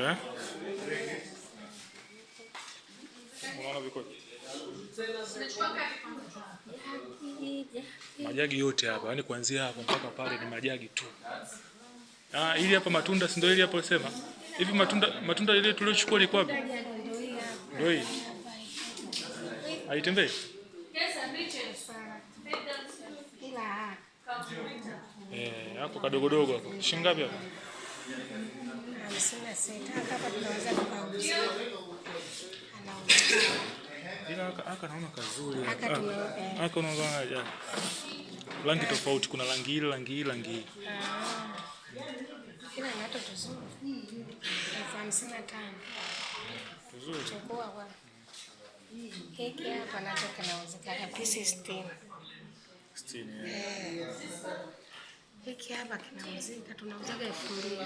Eh? Majagi yote hapa, yani kuanzia hapo mpaka pale ni majagi tu. Ah, ili hapa matunda si ndio ili hapo sema. Hivi matunda matunda ile tuliochukua ni kwapi Ndio hii. Haitembei? Eh, hapo kadogodogo hapo. Shilingi ngapi hapo? hamsini ah, na sita hapa rangi tofauti, kuna rangi hii, rangi hii, rangi hii ah. kila nato tuzuri tuzuri chukua kwa hapa hiki hapa kinauzika, tunauzaga elfu mbili.